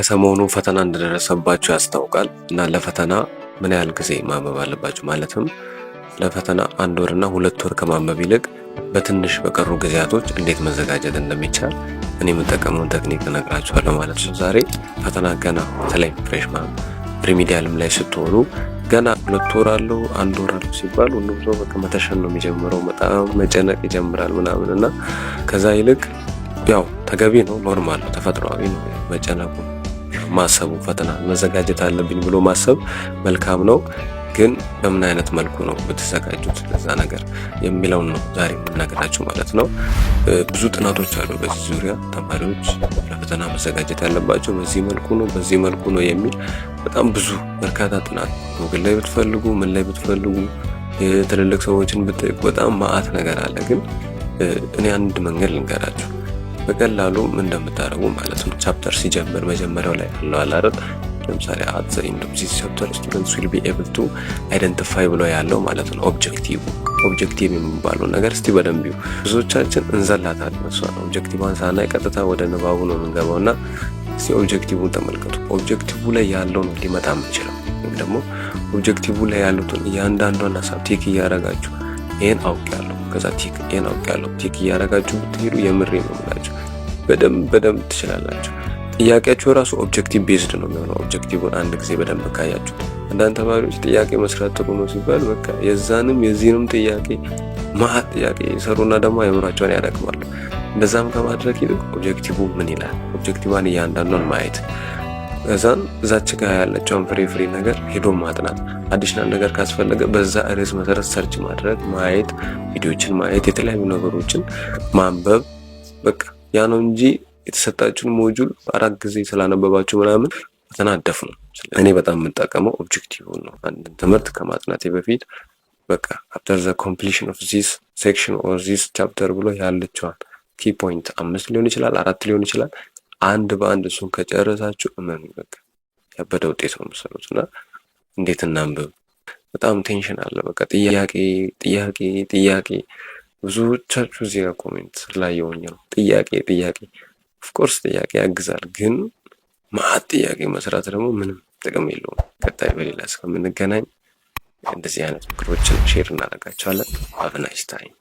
ከሰሞኑ ፈተና እንደደረሰባችሁ ያስታውቃል እና ለፈተና ምን ያህል ጊዜ ማንበብ አለባችሁ ማለትም ለፈተና አንድ ወርና ሁለት ወር ከማንበብ ይልቅ በትንሽ በቀሩ ጊዜያቶች እንዴት መዘጋጀት እንደሚቻል እኔ የምጠቀመውን ቴክኒክ እነግራችኋለሁ ማለት ነው። ዛሬ ፈተና ገና በተለይ ፍሬሽማን ሪሚዲያልም ላይ ስትሆኑ ገና ሁለት ወር አለው አንድ ወር አለው ሲባል ሁሉም ሰው በቃ መተሸን ነው የሚጀምረው። በጣም መጨነቅ ይጀምራል ምናምን እና ከዛ ይልቅ ያው ተገቢ ነው፣ ኖርማል ነው፣ ተፈጥሯዊ ነው መጨነቁ ማሰቡ ፈተና መዘጋጀት አለብኝ ብሎ ማሰብ መልካም ነው። ግን በምን አይነት መልኩ ነው የተዘጋጁት ለዛ ነገር የሚለውን ነው ዛሬ የምናገራችሁ ማለት ነው። ብዙ ጥናቶች አሉ በዚህ ዙሪያ። ተማሪዎች ለፈተና መዘጋጀት ያለባቸው በዚህ መልኩ ነው፣ በዚህ መልኩ ነው የሚል በጣም ብዙ በርካታ ጥናት ጉግል ላይ ብትፈልጉ፣ ምን ላይ ብትፈልጉ፣ ትልልቅ ሰዎችን ብትጠይቁ በጣም ማአት ነገር አለ። ግን እኔ አንድ መንገድ ልንገራችሁ በቀላሉ እንደምታደርጉ ማለት ነው። ቻፕተር ሲጀምር መጀመሪያው ላይ አለው አላረጥ ለምሳሌ አት ዘ ኢንድ ኦፍ ዚስ ቻፕተር ስቱደንትስ ዊል ቢ ኤብል ቱ አይደንቲፋይ ብሎ ያለው ማለት ነው ኦብጀክቲቭ ኦብጀክቲቭ የሚባለው ነገር እስቲ በደንብ ይሁ ብዙዎቻችን እንዘላታለን። እሷን ኦብጀክቲቭን ሳናይ ቀጥታ ወደ ንባቡ ነው የምንገባው እና እስቲ ኦብጀክቲቭን ተመልከቱ። ኦብጀክቲቭ ላይ ያለው ነው ሊመጣ የምችለው ወይም ደግሞ ኦብጀክቲቭ ላይ ያሉትን እያንዳንዷን ሀሳብ ቴክ እያረጋችሁ ይህን አውቅ ያለሁ ከዛ ቴክ ይህን አውቅ ያለሁ ቴክ እያረጋችሁ ብትሄዱ የምሬ ነው ምላ በደንብ በደንብ ትችላላችሁ። ጥያቄያችሁ ራሱ ኦብጀክቲቭ ቤዝድ ነው የሚሆነው። ኦብጀክቲቭን አንድ ጊዜ በደንብ ካያችሁ አንዳንድ ተማሪዎች ጥያቄ መስራት ጥሩ ነው ሲባል በቃ የዛንም የዚህንም ጥያቄ መሀል ጥያቄ የሰሩና ደግሞ አይምሯቸውን ያደቅማሉ። እንደዛም ከማድረግ ይልቅ ኦብጀክቲቭ ምን ይላል፣ ኦብጀክቲቫን እያንዳንዱን ማየት እዛን እዛች ጋ ያለችውን ፍሬ ፍሬ ነገር ሄዶ ማጥናት፣ አዲሽናል ነገር ካስፈለገ በዛ ርዕስ መሰረት ሰርች ማድረግ፣ ማየት፣ ቪዲዮችን ማየት፣ የተለያዩ ነገሮችን ማንበብ በቃ ያ ነው እንጂ የተሰጣችሁን ሞጁል አራት ጊዜ ስላነበባችሁ ምናምን ተናደፍ ነው። እኔ በጣም የምጠቀመው ኦብጀክቲቭ ነው። አንድን ትምህርት ከማጥናቴ በፊት በቃ አፍተር ዘ ኮምፕሊሽን ኦፍ ዚስ ሴክሽን ኦር ዚስ ቻፕተር ብሎ ያለችዋል ኪ ፖይንት አምስት ሊሆን ይችላል አራት ሊሆን ይችላል። አንድ በአንድ እሱን ከጨረሳችሁ እመኑ በቃ ያበደ ውጤት ነው የምሰሩት። እና እንዴት እናንብብ በጣም ቴንሽን አለ። በቃ ጥያቄ ጥያቄ ጥያቄ ብዙዎቻችሁ እዚህ ጋር ኮሜንት ላየውኝ ነው። ጥያቄ ጥያቄ ኦፍኮርስ ጥያቄ ያግዛል፣ ግን ማአት ጥያቄ መስራት ደግሞ ምንም ጥቅም የለውም። ቀጣይ በሌላ እስከምንገናኝ እንደዚህ አይነት ምክሮችን ሼር እናደርጋቸዋለን። አብናይስ ታይም